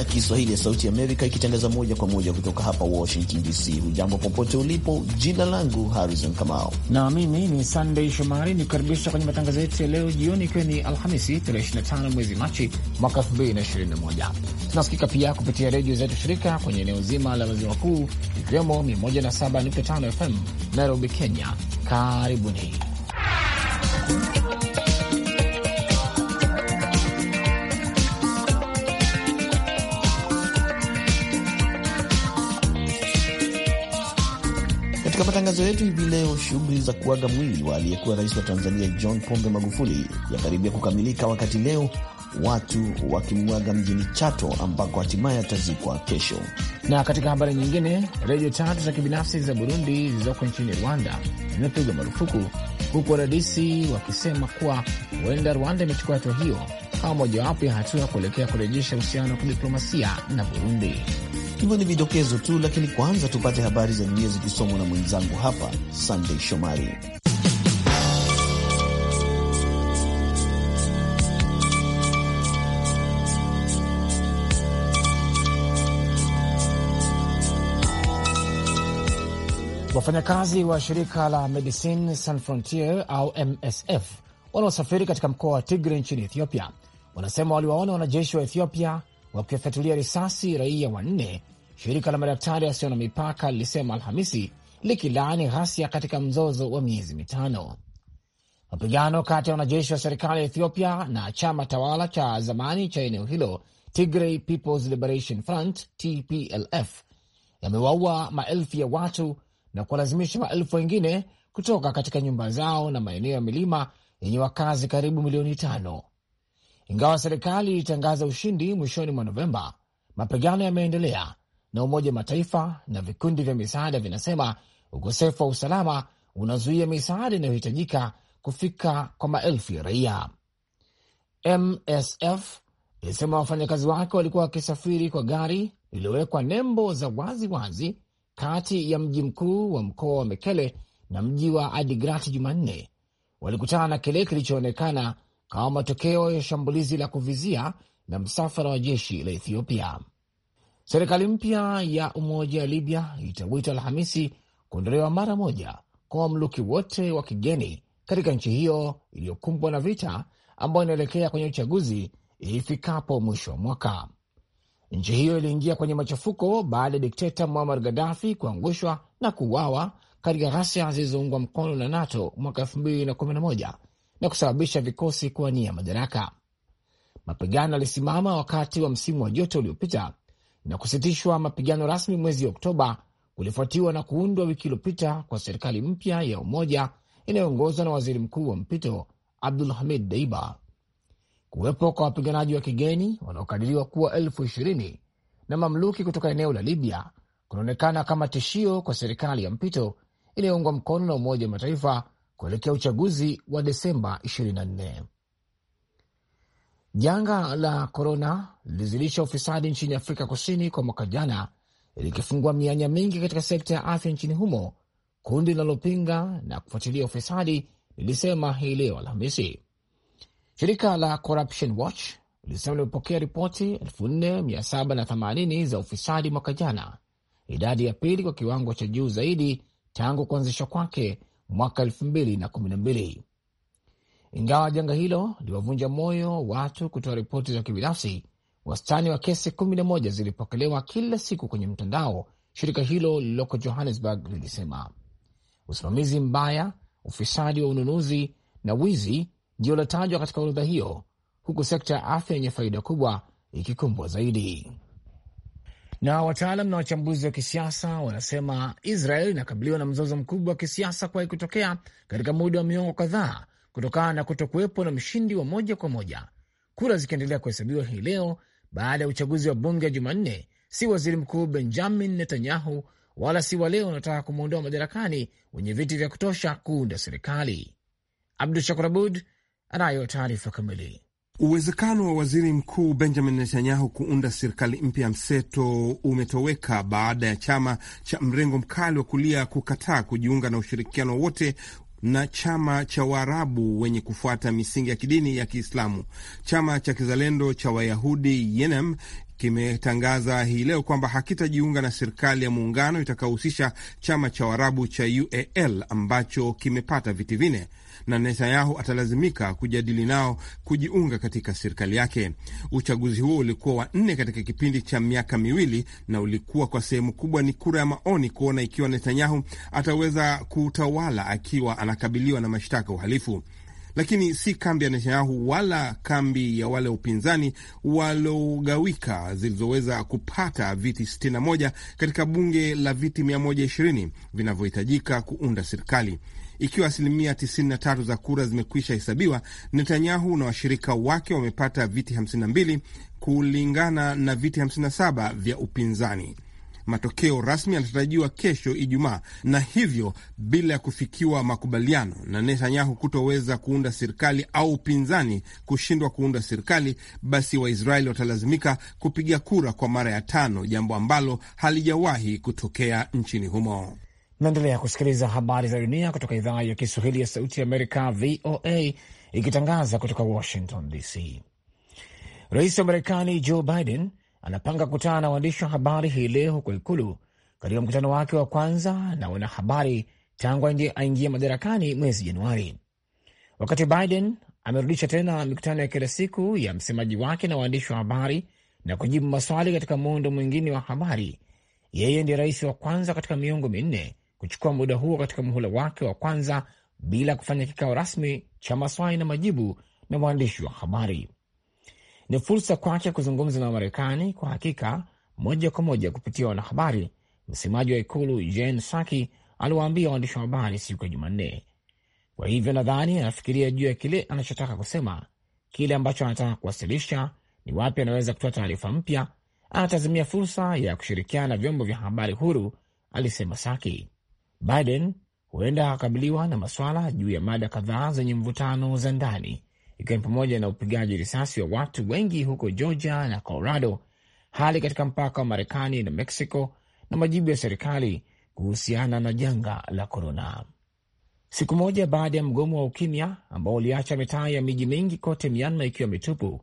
ya Kiswahili ya Sauti Amerika ikitangaza moja kwa moja kutoka hapa Washington DC. Hujambo popote ulipo, jina langu Harrison Kamau na mimi ni sandey Shomari ni kukaribisha kwenye matangazo yetu ya leo jioni, ikiwa ni Alhamisi tarehe 25 mwezi Machi mwaka 2021. Tunasikika pia kupitia redio zetu shirika kwenye eneo zima la maziwa makuu ikiwemo 107.5 FM Nairobi, Kenya. Karibuni. matangazo yetu hivi leo, shughuli za kuaga mwili wa aliyekuwa rais wa Tanzania John Pombe Magufuli yakaribia kukamilika, wakati leo watu wakimwaga mjini Chato ambako hatimaye atazikwa kesho. Na katika habari nyingine, redio tatu za kibinafsi za Burundi zilizoko nchini Rwanda zimepigwa marufuku, huku waradisi wakisema kuwa huenda Rwanda imechukua hatua hiyo kama mojawapo ya hatua kuelekea kurejesha uhusiano wa kidiplomasia na Burundi hivyo ni vidokezo tu, lakini kwanza tupate habari za dunia zikisomwa na mwenzangu hapa Sandey Shomari. Wafanyakazi wa shirika la Medicine Sans frontier au MSF wanaosafiri katika mkoa wa tigre nchini Ethiopia wanasema waliwaona wanajeshi wa Ethiopia wakiwafyatulia risasi raia wanne Shirika la madaktari yasiyo na mipaka lilisema Alhamisi likilaani ghasia katika mzozo wa miezi mitano. Mapigano kati ya wanajeshi wa serikali ya Ethiopia na chama tawala cha zamani cha eneo hilo Tigray People's Liberation Front TPLF yamewaua maelfu ya watu na kuwalazimisha maelfu wengine kutoka katika nyumba zao na maeneo ya milima yenye wakazi karibu milioni tano. Ingawa serikali ilitangaza ushindi mwishoni mwa Novemba, mapigano yameendelea na Umoja Mataifa na vikundi vya misaada vinasema ukosefu wa usalama unazuia misaada inayohitajika kufika kwa maelfu ya raia. MSF ilisema wafanyakazi wake walikuwa wakisafiri kwa gari lililowekwa nembo za wazi wazi kati ya mji mkuu wa mkoa wa Mekele na mji wa Adigrat Jumanne walikutana na kile kilichoonekana kama matokeo ya shambulizi la kuvizia na msafara wa jeshi la Ethiopia. Serikali mpya ya umoja ya Libya itawita Alhamisi kuondolewa mara moja kwa wamluki wote wa kigeni katika nchi hiyo iliyokumbwa na vita ambayo inaelekea kwenye uchaguzi ifikapo mwisho wa mwaka. Nchi hiyo iliingia kwenye machafuko baada ya dikteta Muammar Gaddafi kuangushwa na kuuawa katika ghasia zilizoungwa mkono na NATO mwaka 2011 na, na kusababisha vikosi kuwania madaraka. Mapigano yalisimama wakati wa msimu wa joto uliopita na kusitishwa mapigano rasmi mwezi Oktoba kulifuatiwa na kuundwa wiki iliyopita kwa serikali mpya ya umoja inayoongozwa na waziri mkuu wa mpito Abdul Hamid Deiba. Kuwepo kwa wapiganaji wa kigeni wanaokadiriwa kuwa elfu ishirini na mamluki kutoka eneo la Libya kunaonekana kama tishio kwa serikali ya mpito inayoungwa mkono na Umoja wa Mataifa kuelekea uchaguzi wa Desemba 24. Janga la korona lilizidisha ufisadi nchini Afrika Kusini kwa mwaka jana, likifungua mianya mingi katika sekta ya afya nchini humo. Kundi linalopinga na kufuatilia ufisadi lilisema hii leo Alhamisi. Shirika la Corruption Watch lilisema limepokea ripoti 4780 za ufisadi mwaka jana, idadi ya pili kwa kiwango cha juu zaidi tangu kuanzishwa kwake mwaka 2012. Ingawa janga hilo liliwavunja moyo watu kutoa ripoti za kibinafsi, wastani wa kesi kumi na moja zilipokelewa kila siku kwenye mtandao, shirika hilo lililoko Johannesburg lilisema. Usimamizi mbaya, ufisadi wa ununuzi na wizi ndio latajwa katika orodha hiyo, huku sekta ya afya yenye faida kubwa ikikumbwa zaidi. Na wataalam na wachambuzi wa kisiasa wanasema Israel inakabiliwa na mzozo mkubwa wa kisiasa kuwahi kutokea katika muda wa miongo kadhaa kutokana na kuwepo na mshindi wa moja kwa moja, kura zikiendelea kuhesabiwa hii leo baada ya uchaguzi wa bunge ya Jumanne. Si waziri mkuu Benjamin Netanyahu wala si wale wanaotaka kumwondoa madarakani wenye viti vya kutosha kuunda serikali. Abdu Shakur Abud anayo taarifa kamili. Uwezekano wa waziri mkuu Benjamin Netanyahu kuunda serikali mpya ya mseto umetoweka baada ya chama cha mrengo mkali wa kulia kukataa kujiunga na ushirikiano wote na chama cha Waarabu wenye kufuata misingi ya kidini ya Kiislamu. Chama cha kizalendo cha Wayahudi Yenem kimetangaza hii leo kwamba hakitajiunga na serikali ya muungano itakayohusisha chama cha Waarabu cha UAL ambacho kimepata viti vine na Netanyahu atalazimika kujadili nao kujiunga katika serikali yake. Uchaguzi huo ulikuwa wa nne katika kipindi cha miaka miwili na ulikuwa kwa sehemu kubwa ni kura ya maoni kuona ikiwa Netanyahu ataweza kutawala akiwa anakabiliwa na mashtaka uhalifu lakini si kambi ya Netanyahu wala kambi ya wale upinzani waliogawika zilizoweza kupata viti 61 katika bunge la viti 120 vinavyohitajika kuunda serikali. Ikiwa asilimia 93 za kura zimekwisha hesabiwa, Netanyahu na washirika wake wamepata viti 52 kulingana na viti 57 vya upinzani. Matokeo rasmi yanatarajiwa kesho Ijumaa, na hivyo bila ya kufikiwa makubaliano na Netanyahu kutoweza kuunda serikali au upinzani kushindwa kuunda serikali, basi Waisraeli watalazimika kupiga kura kwa mara ya tano, jambo ambalo halijawahi kutokea nchini humo. Naendelea kusikiliza habari za dunia kutoka idhaa ya Kiswahili ya Sauti ya Amerika, VOA, ikitangaza kutoka Washington DC. Rais wa Marekani Joe Biden anapanga kukutana na waandishi wa habari hii leo huko Ikulu, katika mkutano wake wa kwanza na wanahabari tangu aingie madarakani mwezi Januari. Wakati Biden amerudisha tena mikutano ya kila siku ya msemaji wake na waandishi wa habari na kujibu maswali katika muundo mwingine wa habari, yeye ndiye rais wa kwanza katika miongo minne kuchukua muda huo katika muhula wake wa kwanza bila kufanya kikao rasmi cha maswali na majibu na waandishi wa habari. Ni fursa kwake kuzungumza na Wamarekani kwa hakika moja kwa moja kupitia wanahabari. Msemaji wa ikulu Jen Saki aliwaambia waandishi wa habari siku ya Jumanne. Kwa hivyo nadhani anafikiria juu ya kile anachotaka kusema, kile ambacho anataka kuwasilisha, ni wapi anaweza kutoa taarifa mpya. Anatazamia fursa ya kushirikiana na vyombo vya habari huru, alisema Saki. Biden huenda akakabiliwa na maswala juu ya mada kadhaa zenye mvutano za ndani, ikiwa ni pamoja na upigaji risasi wa watu wengi huko Georgia na Colorado, hali katika mpaka wa Marekani na Mexico, na majibu ya serikali kuhusiana na janga la korona. Siku moja baada ya mgomo wa ukimya ambao uliacha mitaa ya miji mingi kote Myanmar ikiwa mitupu,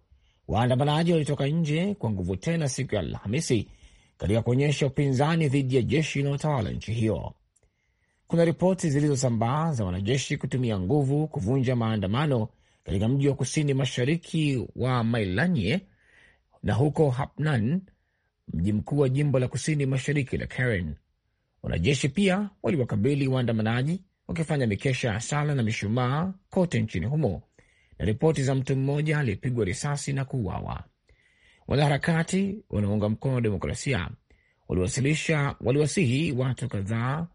waandamanaji walitoka nje kwa nguvu tena siku ya Alhamisi katika kuonyesha upinzani dhidi ya jeshi linalotawala nchi hiyo. Kuna ripoti zilizosambaa za wanajeshi kutumia nguvu kuvunja maandamano katika mji wa kusini mashariki wa Mailanye na huko Hapnan, mji mkuu wa jimbo la kusini mashariki la Karen. Wanajeshi pia waliwakabili waandamanaji wakifanya mikesha ya sala na mishumaa kote nchini humo, na ripoti za mtu mmoja aliyepigwa risasi na kuuawa. Wanaharakati wanaunga mkono demokrasia waliwasilisha waliwasihi watu kadhaa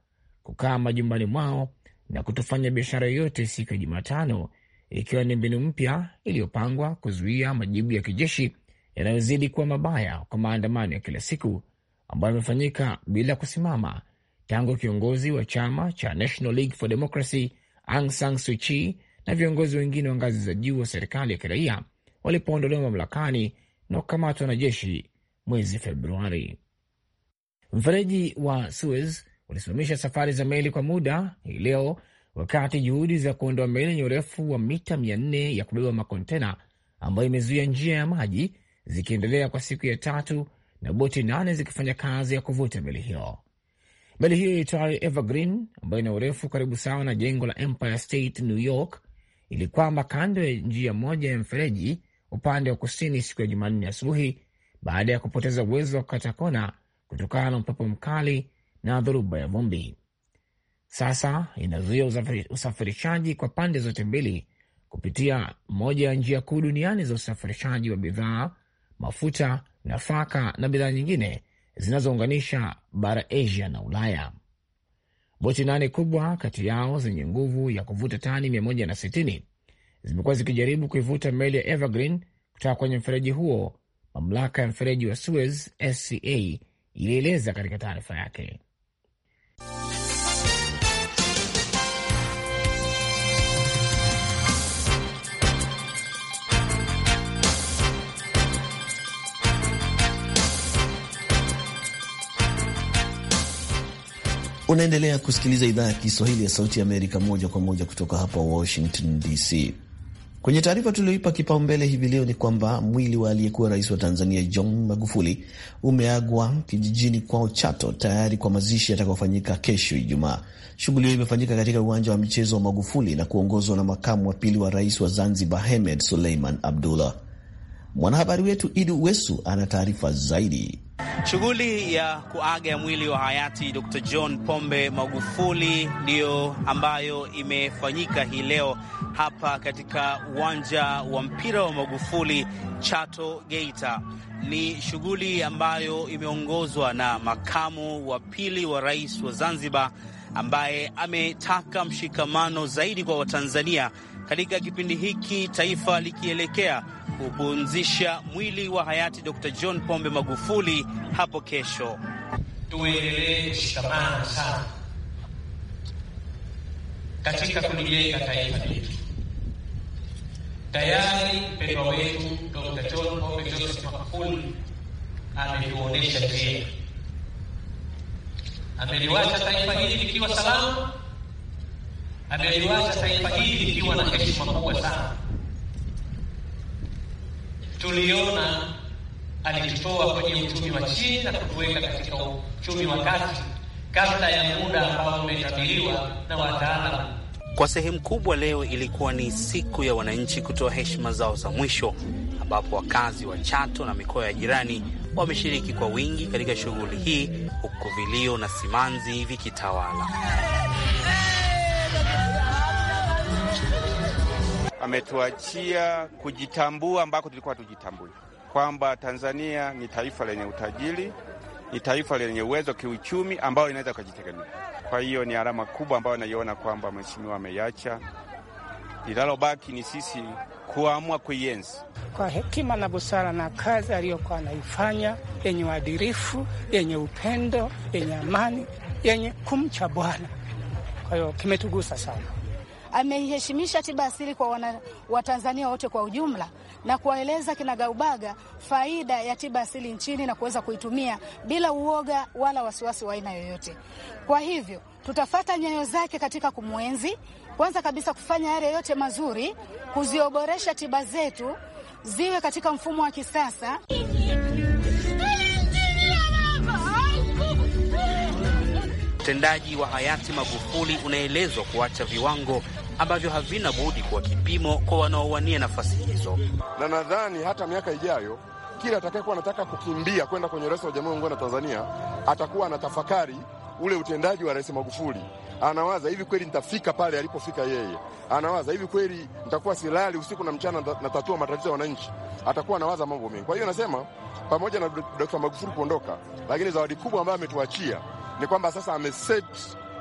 kukaa majumbani mwao na kutofanya biashara yoyote siku ya Jumatano, ikiwa ni mbinu mpya iliyopangwa kuzuia majibu ya kijeshi yanayozidi kuwa mabaya kwa maandamano ya kila siku ambayo yamefanyika bila kusimama tangu kiongozi wa chama cha National League for Democracy Aung San Suu Kyi na viongozi wengine wa ngazi za juu wa serikali ya kiraia walipoondolewa mamlakani na kukamatwa na jeshi mwezi Februari. Mfereji wa Suez ulisimamisha safari za meli kwa muda hii leo, wakati juhudi za kuondoa meli yenye urefu wa mita nne ya kubeba makontena ambayo imezuia njia ya maji zikiendelea kwa siku ya tatu na boti nane zikifanya kazi ya kuvuta meli hiyo. Meli hiyo itwayo Evergreen ambayo ina urefu karibu sawa na jengo la Empire State New York ilikwamba kando ya njia moja ya mfereji upande wa kusini siku ya Jumanne asubuhi baada ya kupoteza uwezo wa kukata kona kutokana na upepo mkali na dhoruba ya vumbi. Sasa inazuia usafirishaji kwa pande zote mbili kupitia moja ya njia kuu duniani za usafirishaji wa bidhaa, mafuta, nafaka na bidhaa nyingine zinazounganisha bara Asia na Ulaya. Boti nane kubwa kati yao zenye nguvu ya kuvuta tani 160 zimekuwa zikijaribu kuivuta meli ya Evergreen kutoka kwenye mfereji huo, mamlaka ya mfereji wa Suez SCA ilieleza katika taarifa yake. Unaendelea kusikiliza idhaa ya Kiswahili ya Sauti ya Amerika moja kwa moja kutoka hapa Washington DC. Kwenye taarifa tulioipa kipaumbele hivi leo ni kwamba mwili wa aliyekuwa rais wa Tanzania John Magufuli umeagwa kijijini kwao Chato, tayari kwa mazishi yatakayofanyika kesho Ijumaa. Shughuli hiyo imefanyika katika uwanja wa michezo wa Magufuli na kuongozwa na makamu wa pili wa rais wa Zanzibar, Hemed Suleiman Abdullah. Mwanahabari wetu Idi Uwesu ana taarifa zaidi. Shughuli ya kuaga mwili wa hayati Dr. John Pombe Magufuli ndiyo ambayo imefanyika hii leo hapa katika uwanja wa mpira wa Magufuli Chato, Geita. Ni shughuli ambayo imeongozwa na makamu wa pili wa rais wa Zanzibar ambaye ametaka mshikamano zaidi kwa Watanzania katika kipindi hiki taifa likielekea kupumzisha mwili wa hayati Dr. John Pombe Magufuli hapo kesho. Tuendelee kushikamana sana katika kulijenga taifa letu. Tayari mpendwa wetu Dr. John Pombe Joseph Magufuli ametuonesha njia, ameliwacha taifa hili likiwa salama, ameliwacha taifa hili likiwa na heshima kubwa sana tuliona alitutoa kwenye uchumi wa chini na kutuweka katika uchumi wa kati kabla ya muda ambao umetabiriwa na wataalamu. Kwa sehemu kubwa, leo ilikuwa ni siku ya wananchi kutoa heshima zao za mwisho, ambapo wakazi wa Chato na mikoa ya jirani wameshiriki kwa wingi katika shughuli hii, huku vilio na simanzi vikitawala ametuachia kujitambua ambako tulikuwa hatujitambui, kwamba Tanzania ni taifa lenye utajiri, ni taifa lenye uwezo kiuchumi ambayo inaweza kujitegemea. Kwa hiyo ni alama kubwa ambayo naiona kwamba mheshimiwa ameiacha. Linalobaki ni sisi kuamua kuienzi kwa hekima na busara na kazi aliyokuwa anaifanya yenye uadilifu, yenye upendo, yenye amani, yenye kumcha Bwana. Kwa hiyo kimetugusa sana ameiheshimisha tiba asili kwa wana, Watanzania wote kwa ujumla na kuwaeleza kinagaubaga faida ya tiba asili nchini na kuweza kuitumia bila uoga wala wasiwasi wa aina yoyote. Kwa hivyo tutafata nyayo zake katika kumwenzi, kwanza kabisa kufanya yale yote mazuri, kuzioboresha tiba zetu ziwe katika mfumo wa kisasa Utendaji wa hayati Magufuli unaelezwa kuacha viwango ambavyo havina budi kuwa kipimo kwa wanaowania nafasi hizo, na nadhani hata miaka ijayo kila atakayekuwa anataka kukimbia kwenda kwenye rais wa Jamhuri ya Muungano wa Tanzania atakuwa anatafakari ule utendaji wa Rais Magufuli. Anawaza, hivi kweli nitafika pale alipofika yeye? Anawaza, hivi kweli nitakuwa silali usiku na mchana natatua matatizo ya wananchi? Atakuwa anawaza mambo mengi. Kwa hiyo nasema pamoja na d Magufuli kuondoka, lakini zawadi kubwa ambayo ametuachia ni kwamba sasa ameset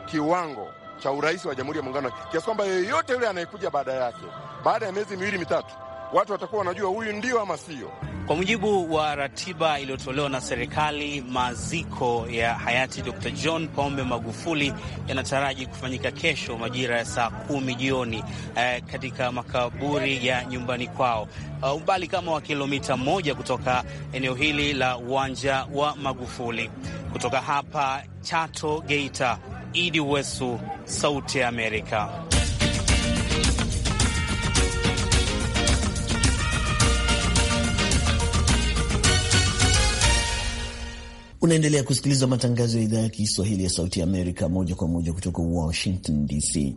kiwango cha urais wa Jamhuri ya Muungano kiasi kwamba yeyote yule anayekuja baada yake, baada ya miezi miwili mitatu, watu watakuwa wanajua huyu ndio ama sio. Kwa mujibu wa ratiba iliyotolewa na serikali, maziko ya hayati Dr. John Pombe Magufuli yanataraji kufanyika kesho majira ya saa kumi jioni eh, katika makaburi ya nyumbani kwao uh, umbali kama wa kilomita moja kutoka eneo hili la uwanja wa Magufuli. Kutoka hapa Chato, Geita, Idi Wesu, Sauti ya Amerika. Unaendelea kusikiliza matangazo ya idhaa ya Kiswahili ya Sauti ya Amerika moja kwa moja kutoka Washington DC.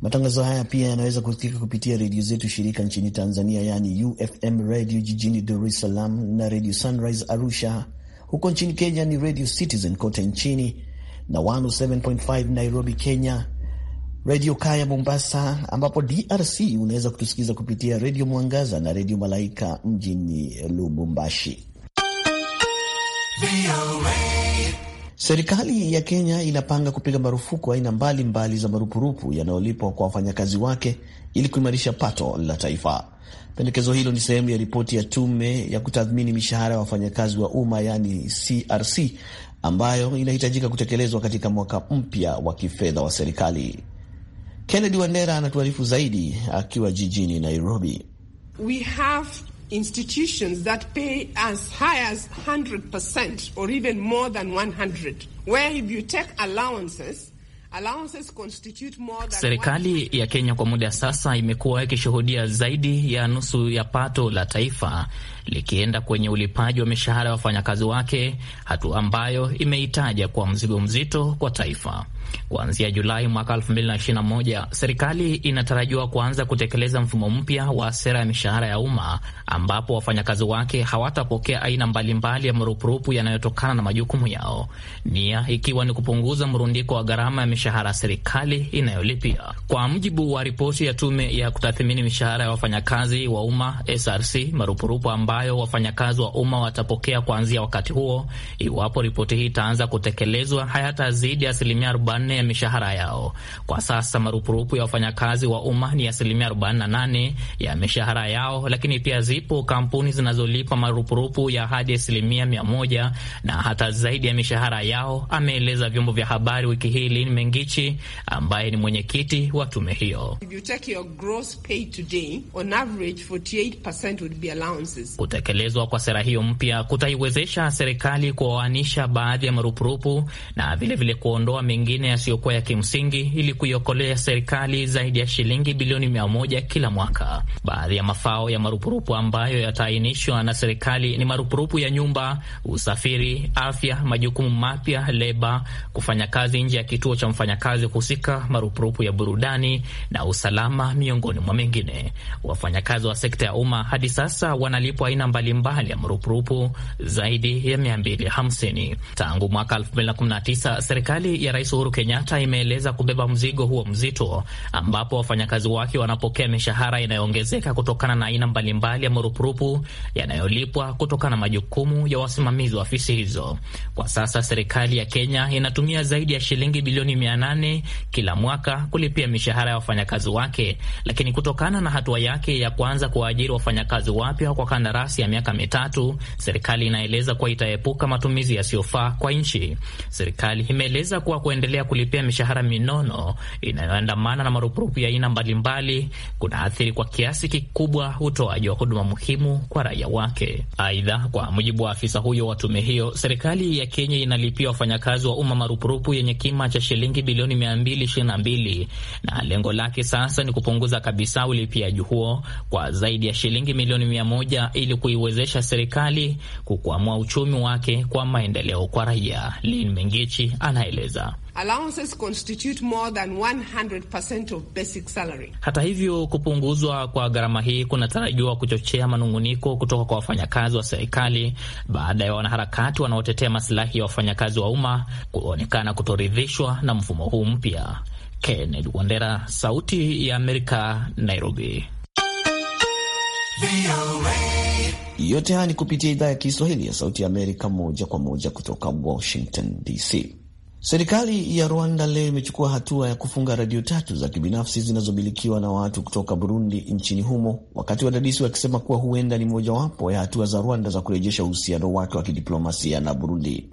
Matangazo haya pia yanaweza kusikika kupitia redio zetu shirika nchini Tanzania, yaani UFM Radio jijini Dar es Salaam na redio Sunrise Arusha. Huko nchini Kenya ni radio Citizen kote nchini na 107.5 Nairobi, Kenya, redio Kaya Mombasa, ambapo DRC unaweza kutusikiza kupitia redio Mwangaza na redio Malaika mjini Lubumbashi. Serikali ya Kenya inapanga kupiga marufuku aina mbalimbali za marupurupu yanayolipwa kwa wafanyakazi wake ili kuimarisha pato la taifa. Pendekezo hilo ni sehemu ya ripoti ya tume ya kutathmini mishahara ya wafanyakazi wa umma yaani CRC, ambayo inahitajika kutekelezwa katika mwaka mpya wa kifedha wa serikali. Kennedy Wandera anatuarifu zaidi akiwa jijini Nairobi. We have institutions that pay as high as 100% or even more than 100, where if you take allowances, Serikali ya Kenya kwa muda sasa imekuwa ikishuhudia zaidi ya nusu ya pato la taifa likienda kwenye ulipaji wa mishahara ya wafanyakazi wake, hatua ambayo imeitaja kwa mzigo mzito kwa taifa. Kuanzia Julai mwaka 2021 serikali inatarajiwa kuanza kutekeleza mfumo mpya wa sera ya mishahara ya umma ambapo wafanyakazi wake hawatapokea aina mbalimbali ya marupurupu yanayotokana na majukumu yao, nia ikiwa ni kupunguza mrundiko wa gharama ya mishahara serikali inayolipia. Kwa mujibu wa ripoti ya tume ya kutathimini mishahara ya wafanyakazi wa umma SRC, marupurupu ambayo wafanyakazi wa umma watapokea kuanzia wakati huo, iwapo ripoti hii itaanza kutekelezwa, hayatazidi asilimia 4 ya mishahara yao. Kwa sasa marupurupu ya wafanyakazi wa umma ni asilimia 48 ya mishahara yao, lakini pia zipo kampuni zinazolipa marupurupu ya hadi asilimia 100 na hata zaidi ya mishahara yao, ameeleza vyombo vya habari wiki hii Ngichi ambaye ni mwenyekiti wa tume hiyo. Kutekelezwa kwa sera hiyo mpya kutaiwezesha serikali kuoanisha baadhi ya marupurupu na vilevile kuondoa mengine yasiyokuwa ya kimsingi ili kuiokolea serikali zaidi ya shilingi bilioni mia moja kila mwaka. Baadhi ya mafao ya marupurupu ambayo yataainishwa na serikali ni marupurupu ya nyumba, usafiri, afya, majukumu mapya, leba, kufanya kazi nje ya kituo cha wafanyakazi kuhusika marupurupu ya burudani na usalama, miongoni mwa mengine. Wafanyakazi wa sekta ya umma hadi sasa wanalipwa aina mbalimbali ya marupurupu zaidi ya 250 tangu mwaka 2019. Serikali ya Rais Uhuru Kenyatta imeeleza kubeba mzigo huo mzito, ambapo wafanyakazi wake wanapokea mishahara inayoongezeka kutokana na aina mbalimbali ya marupurupu yanayolipwa kutokana na majukumu ya wasimamizi wa afisi hizo. Kwa sasa serikali ya Kenya inatumia zaidi ya shilingi bilioni mia nane kila mwaka kulipia mishahara ya wafanyakazi wake, lakini kutokana na hatua yake ya kuanza kuwaajiri wafanyakazi wapya kwa kandarasi ya miaka mitatu, serikali inaeleza kuwa itaepuka matumizi yasiyofaa kwa nchi. Serikali imeeleza kuwa kuendelea kulipia mishahara minono inayoandamana na marupurupu ya aina mbalimbali kuna athiri kwa kiasi kikubwa utoaji wa huduma muhimu kwa raia wake. Aidha, kwa mujibu wa afisa huyo wa tume hiyo, serikali ya Kenya inalipia wafanyakazi wa umma marupurupu yenye kima cha shilingi shilingi bilioni 222 na lengo lake sasa ni kupunguza kabisa ulipiaji huo kwa zaidi ya shilingi milioni 100 ili kuiwezesha serikali kukwamua uchumi wake kwa maendeleo kwa raia. Lin Mengichi anaeleza. Allowances constitute more than 100% of basic salary. Hata hivyo, kupunguzwa kwa gharama hii kunatarajiwa kuchochea manunguniko kutoka kwa wafanyakazi wa serikali baada ya wanaharakati wanaotetea masilahi ya wafanyakazi wa umma kuonekana kutoridhishwa na mfumo huu mpya. Kenneth Wandera, Sauti ya Amerika, Nairobi. Yote haya ni kupitia idhaa ya Kiswahili ya Sauti ya Amerika, moja kwa moja kutoka Washington DC. Serikali ya Rwanda leo imechukua hatua ya kufunga redio tatu za kibinafsi zinazomilikiwa na watu kutoka Burundi nchini humo, wakati wadadisi wakisema kuwa huenda ni mojawapo ya hatua za Rwanda za kurejesha uhusiano wake wa kidiplomasia na Burundi.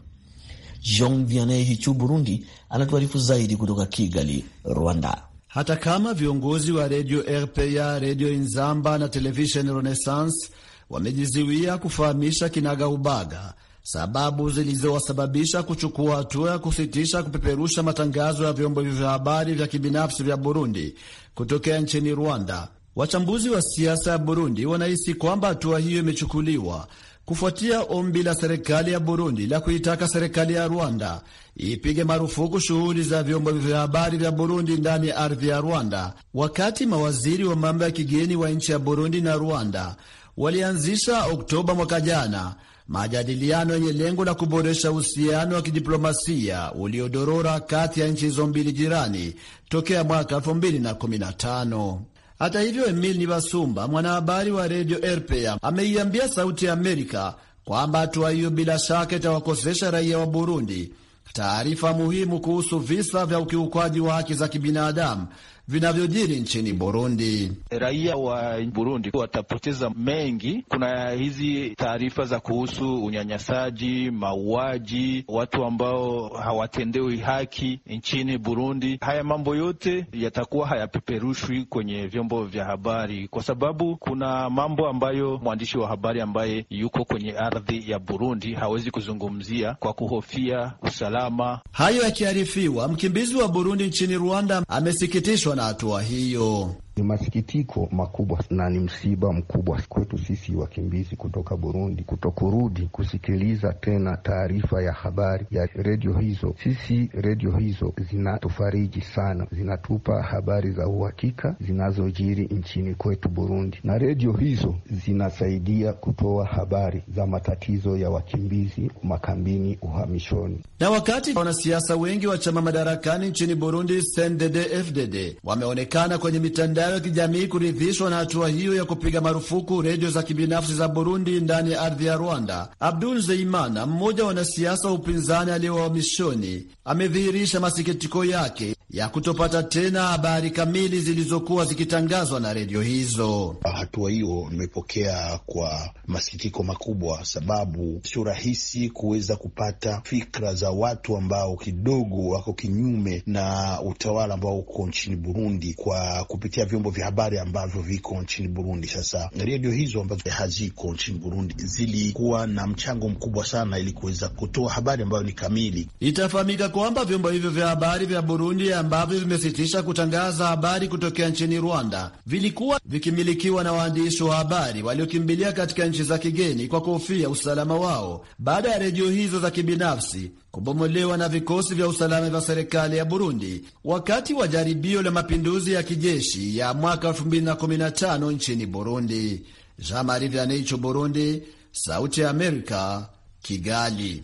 Jean Vianney Hichu, Burundi, anatuarifu zaidi kutoka Kigali, Rwanda. Hata kama viongozi wa redio RPA, redio Inzamba na televisheni Renaissance wamejiziwia kufahamisha kinaga ubaga sababu zilizowasababisha kuchukua hatua ya kusitisha kupeperusha matangazo ya vyombo vya habari vya kibinafsi vya Burundi kutokea nchini Rwanda. Wachambuzi wa siasa ya Burundi wanahisi kwamba hatua hiyo imechukuliwa kufuatia ombi la serikali ya Burundi la kuitaka serikali ya Rwanda ipige marufuku shughuli za vyombo vya habari vya Burundi ndani ya ardhi ya Rwanda, wakati mawaziri wa mambo ya kigeni wa nchi ya Burundi na Rwanda walianzisha Oktoba mwaka jana majadiliano yenye lengo la kuboresha uhusiano wa kidiplomasia uliodorora kati ya nchi hizo mbili jirani tokea mwaka 2015. Hata hivyo, Emil Nibasumba, mwanahabari wa redio RPA, ameiambia Sauti ya Amerika kwamba hatua hiyo bila shaka itawakosesha raia wa Burundi taarifa muhimu kuhusu visa vya ukiukwaji wa haki za kibinadamu vinavyojiri nchini Burundi. Raia wa Burundi watapoteza mengi. Kuna hizi taarifa za kuhusu unyanyasaji, mauaji, watu ambao hawatendewi haki nchini Burundi. Haya mambo yote yatakuwa hayapeperushwi kwenye vyombo vya habari, kwa sababu kuna mambo ambayo mwandishi wa habari ambaye yuko kwenye ardhi ya Burundi hawezi kuzungumzia kwa kuhofia usalama. Hayo yakiarifiwa, mkimbizi wa Burundi nchini Rwanda amesikitishwa na hatua hiyo. Ni masikitiko makubwa na ni msiba mkubwa kwetu sisi wakimbizi kutoka Burundi kutokurudi kusikiliza tena taarifa ya habari ya redio hizo. Sisi redio hizo zinatufariji sana, zinatupa habari za uhakika zinazojiri nchini kwetu Burundi, na redio hizo zinasaidia kutoa habari za matatizo ya wakimbizi makambini, uhamishoni. Na wakati wanasiasa wengi wa chama madarakani nchini Burundi CNDD-FDD wameonekana kwenye mitandao mitandao ya kijamii kuridhishwa na hatua hiyo ya kupiga marufuku redio za kibinafsi za Burundi ndani ya ardhi ya Rwanda. Abdul Zeimana, mmoja wa wanasiasa wa upinzani aliye uhamishoni, amedhihirisha masikitiko yake ya kutopata tena habari kamili zilizokuwa zikitangazwa na redio hizo. Ah, hatua hiyo imepokea kwa masikitiko makubwa, sababu sio rahisi kuweza kupata fikra za watu ambao kidogo wako kinyume na utawala ambao uko nchini Burundi kwa kupitia vyombo vya habari ambavyo viko nchini Burundi. Sasa redio hizo ambazo haziko nchini Burundi zilikuwa na mchango mkubwa sana ili kuweza kutoa habari ambayo ni kamili. Itafahamika kwamba vyombo hivyo vya habari vya Burundi ambavyo vimesitisha kutangaza habari kutokea nchini Rwanda vilikuwa vikimilikiwa na waandishi wa habari waliokimbilia katika nchi za kigeni kwa kuhofia usalama wao baada ya redio hizo za kibinafsi kubomolewa na vikosi vya usalama vya serikali ya Burundi wakati wa jaribio la mapinduzi ya kijeshi ya mwaka 2015 nchini Burundi. Jean Marie Vianney, Burundi, Sauti ya Amerika, Kigali.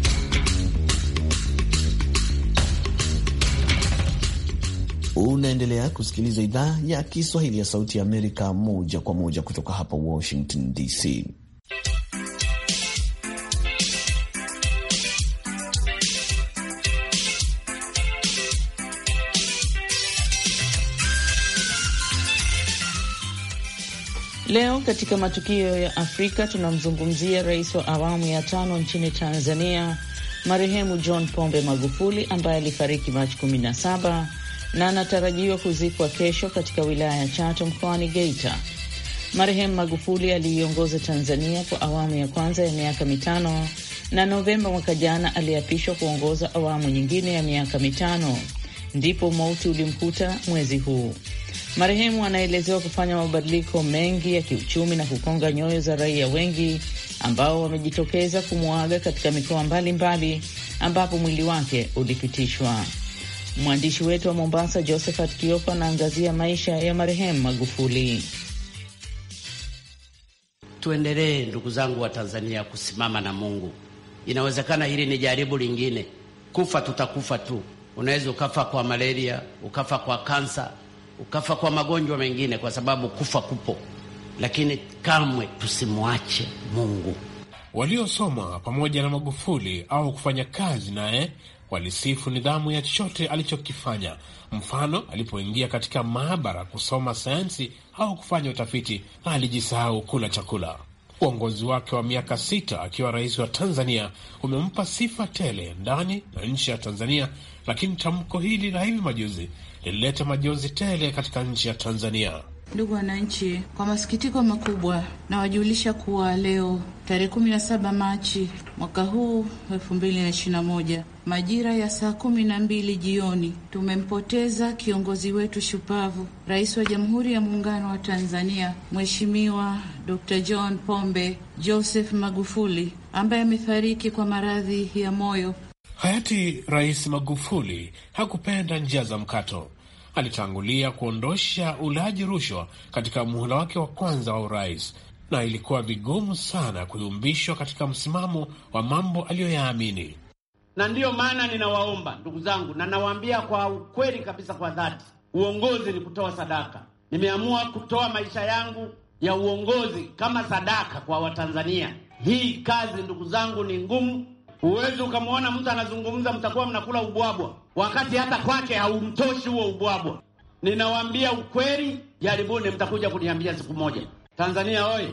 Unaendelea kusikiliza idhaa ya Kiswahili ya Sauti ya Amerika moja kwa moja kutoka hapa Washington DC. Leo katika matukio ya Afrika tunamzungumzia rais wa awamu ya tano nchini Tanzania, marehemu John Pombe Magufuli ambaye alifariki Machi 17 na anatarajiwa kuzikwa kesho katika wilaya ya Chato mkoani Geita. Marehemu Magufuli aliiongoza Tanzania kwa awamu ya kwanza ya miaka mitano na Novemba mwaka jana aliapishwa kuongoza awamu nyingine ya miaka mitano, ndipo mauti ulimkuta mwezi huu. Marehemu anaelezewa kufanya mabadiliko mengi ya kiuchumi na kukonga nyoyo za raia wengi ambao wamejitokeza kumwaga katika mikoa mbalimbali ambapo mwili wake ulipitishwa. Mwandishi wetu wa Mombasa, Josephat Kioko, anaangazia maisha ya marehemu Magufuli. Tuendelee ndugu zangu wa Tanzania kusimama na Mungu. Inawezekana hili ni jaribu lingine. Kufa tutakufa tu. Unaweza ukafa kwa malaria, ukafa kwa kansa, ukafa kwa magonjwa mengine, kwa sababu kufa kupo, lakini kamwe tusimwache Mungu. Waliosoma pamoja na Magufuli au kufanya kazi naye walisifu nidhamu ya chochote alichokifanya. Mfano, alipoingia katika maabara kusoma sayansi au kufanya utafiti, na alijisahau kula chakula. Uongozi wake wa miaka sita akiwa rais wa Tanzania umempa sifa tele ndani na nchi ya Tanzania, lakini tamko hili la hivi majuzi lilileta majonzi tele katika nchi ya Tanzania. Ndugu wananchi, kwa masikitiko makubwa nawajulisha kuwa leo tarehe 17 Machi mwaka huu 2021 majira ya saa kumi na mbili jioni tumempoteza kiongozi wetu shupavu, Rais wa Jamhuri ya Muungano wa Tanzania, Mheshimiwa Dr. John Pombe Joseph Magufuli ambaye amefariki kwa maradhi ya moyo. Hayati Rais Magufuli hakupenda njia za mkato alitangulia kuondosha ulaji rushwa katika muhula wake wa kwanza wa urais, na ilikuwa vigumu sana kuyumbishwa katika msimamo wa mambo aliyoyaamini. Na ndiyo maana ninawaomba ndugu zangu, na nawaambia kwa ukweli kabisa, kwa dhati, uongozi ni kutoa sadaka. Nimeamua kutoa maisha yangu ya uongozi kama sadaka kwa Watanzania. Hii kazi ndugu zangu ni ngumu, Huwezi ukamwona mtu anazungumza, mtakuwa mnakula ubwabwa, wakati hata kwake haumtoshi huo ubwabwa. Ninawaambia ukweli, jaribuni, mtakuja kuniambia siku moja. Tanzania oye!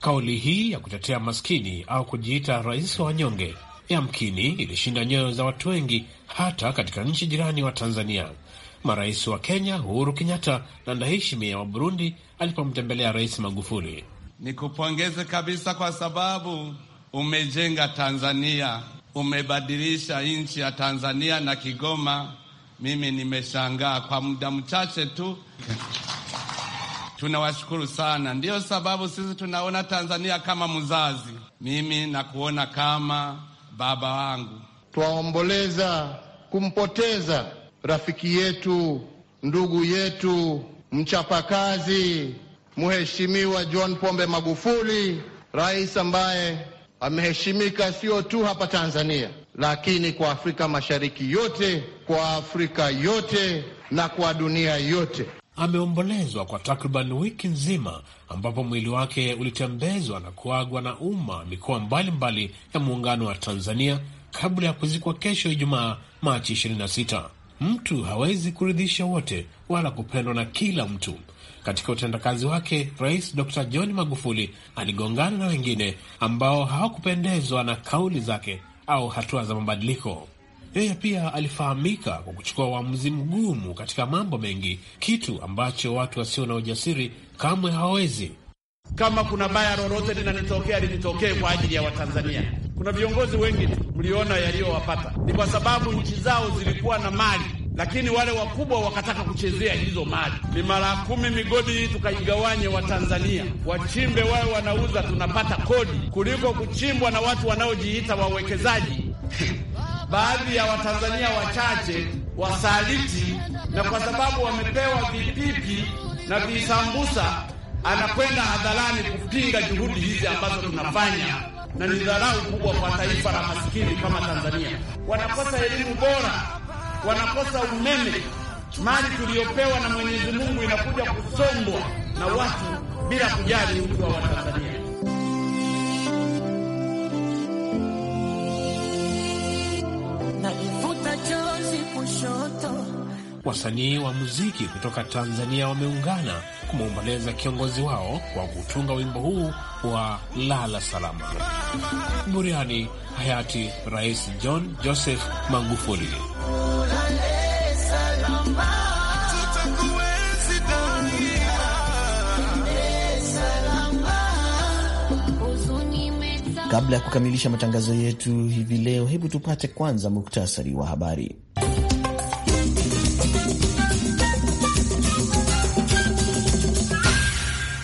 Kauli hii ya kutetea maskini au kujiita rais wa wanyonge yamkini ilishinda nyoyo za watu wengi, hata katika nchi jirani wa Tanzania. Marais wa Kenya Uhuru Kenyatta na Ndayishimiye wa Burundi alipomtembelea Rais Magufuli. Nikupongeze kabisa kwa sababu umejenga Tanzania, umebadilisha nchi ya Tanzania na Kigoma. Mimi nimeshangaa kwa muda mchache tu tunawashukuru sana. Ndiyo sababu sisi tunaona Tanzania kama mzazi, mimi nakuona kama baba wangu. Twaomboleza kumpoteza rafiki yetu, ndugu yetu, mchapakazi, Mheshimiwa John Pombe Magufuli, rais ambaye ameheshimika sio tu hapa Tanzania, lakini kwa Afrika Mashariki yote, kwa Afrika yote na kwa dunia yote. Ameombolezwa kwa takriban wiki nzima, ambapo mwili wake ulitembezwa na kuagwa na umma mikoa mbalimbali ya muungano wa Tanzania kabla ya kuzikwa kesho Ijumaa, Machi 26. Mtu hawezi kuridhisha wote wala kupendwa na kila mtu. Katika utendakazi wake, Rais Dr John Magufuli aligongana na wengine ambao hawakupendezwa na kauli zake au hatua za mabadiliko. Yeye pia alifahamika kwa kuchukua uamuzi mgumu katika mambo mengi, kitu ambacho watu wasio na ujasiri kamwe hawawezi. Kama kuna baya lolote linanitokea, linitokee kwa ajili ya Watanzania. Kuna viongozi wengi tu mliona yaliyowapata, ni kwa sababu nchi zao zilikuwa na mali lakini wale wakubwa wakataka kuchezea hizo mali. Ni mara kumi migodi hii tukaigawanye, Watanzania wachimbe, wawe wanauza, tunapata kodi kuliko kuchimbwa na watu wanaojiita wawekezaji baadhi ya Watanzania wachache wasaliti, na kwa sababu wamepewa vipipi na visambusa, anakwenda hadharani kupinga juhudi hizi ambazo tunafanya, na ni dharau kubwa kwa taifa la masikini kama Tanzania. Wanakosa elimu bora wanakosa umeme. Mali tuliyopewa na Mwenyezi Mungu inakuja kusombwa na watu bila kujali utu wa Watanzania. Wasanii wa muziki kutoka Tanzania wameungana kumwomboleza kiongozi wao kwa kutunga wimbo huu wa lala salama, buriani hayati Rais John Joseph Magufuli. Kabla ya kukamilisha matangazo yetu hivi leo, hebu tupate kwanza muktasari wa habari.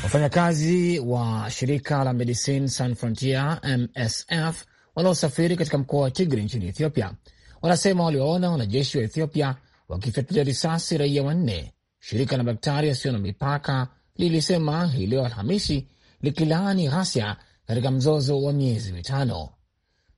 Wafanyakazi wa shirika la Medicine San Frontier MSF wanaosafiri katika mkoa wa Tigri nchini Ethiopia wanasema waliwaona wanajeshi wa Ethiopia wakifyatulia risasi raia wanne. Shirika la madaktari yasiyo na mipaka lilisema hii leo Alhamisi likilaani ghasia katika mzozo wa miezi mitano.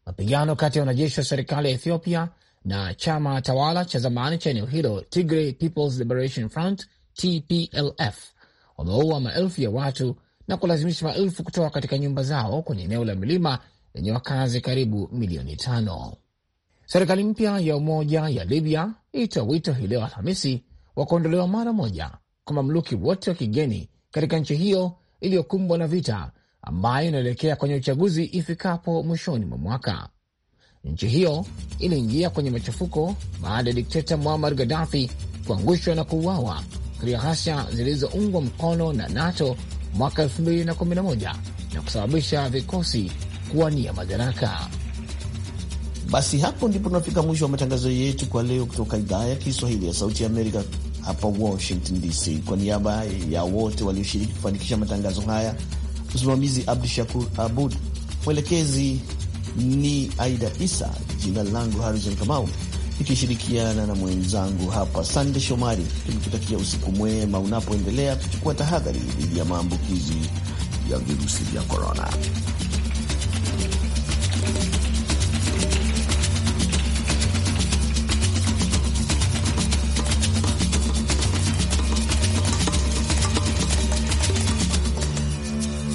Mapigano kati ya wanajeshi wa serikali ya Ethiopia na chama tawala cha zamani cha eneo hilo Tigray People's Liberation Front TPLF wameua maelfu ya watu na kulazimisha maelfu kutoka katika nyumba zao kwenye eneo la milima lenye wakazi karibu milioni tano. Serikali mpya ya umoja ya Libya ilitoa wito hii leo Alhamisi wa kuondolewa mara moja kwa mamluki wote wa kigeni katika nchi hiyo iliyokumbwa na vita ambayo inaelekea kwenye uchaguzi ifikapo mwishoni mwa mwaka. Nchi hiyo iliingia kwenye machafuko baada ya dikteta Muammar Gaddafi kuangushwa na kuuawa katika ghasia zilizoungwa mkono na NATO mwaka 2011 na kusababisha vikosi kuwania madaraka. Basi hapo ndipo tunafika mwisho wa matangazo yetu kwa leo kutoka idhaa ya Kiswahili ya Sauti ya Amerika hapa Washington DC. Kwa niaba ya wote walioshiriki kufanikisha matangazo haya Msimamizi Abdu Shakur Abud, mwelekezi ni Aida Isa. Jina langu Harrison Kamau, ikishirikiana na mwenzangu hapa Sande Shomari, tukikutakia usiku mwema unapoendelea kuchukua tahadhari dhidi ya maambukizi ya virusi vya korona.